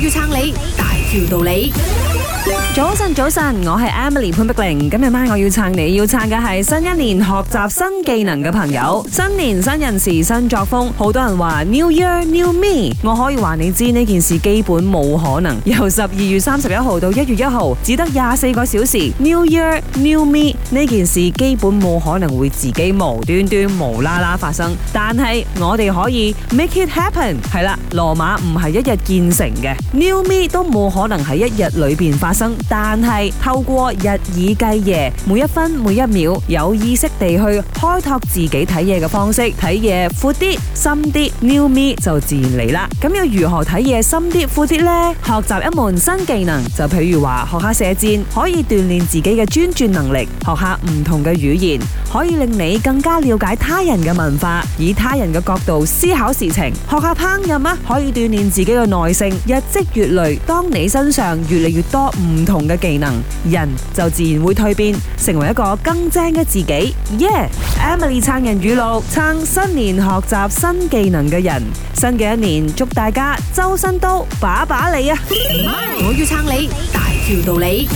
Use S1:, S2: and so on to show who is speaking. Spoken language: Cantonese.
S1: 要撐你，大條道理。早晨，早晨，我係 Emily 潘碧玲。今日晚我要撐你，要撐嘅係新一年學習新技能嘅朋友。新年新人士新作風，好多人話 New Year New Me。我可以話你知呢件事基本冇可能。由十二月三十一號到一月一號，只得廿四個小時。New Year New Me 呢件事基本冇可能會自己無端端無啦啦發生。但係我哋可以 make it happen。係啦，羅馬唔係一日建成嘅。new me 都冇可能喺一日裏邊發生，但係透過日以繼夜，每一分每一秒有意識地去開拓自己睇嘢嘅方式，睇嘢闊啲、深啲，new me 就自然嚟啦。咁要如何睇嘢深啲闊啲呢？學習一門新技能，就譬如話學下射箭可以鍛煉自己嘅專注能力；學下唔同嘅語言，可以令你更加了解他人嘅文化，以他人嘅角度思考事情；學下烹飪啊，可以鍛煉自己嘅耐性。日積越累，當你身上越嚟越多唔同嘅技能，人就自然會蛻變，成為一個更精嘅自己。耶、yeah!！Emily 撐人語錄，撐新年學習新技能嘅人。新嘅一年，祝大家周身都把把利啊！我要撐你，大條道理。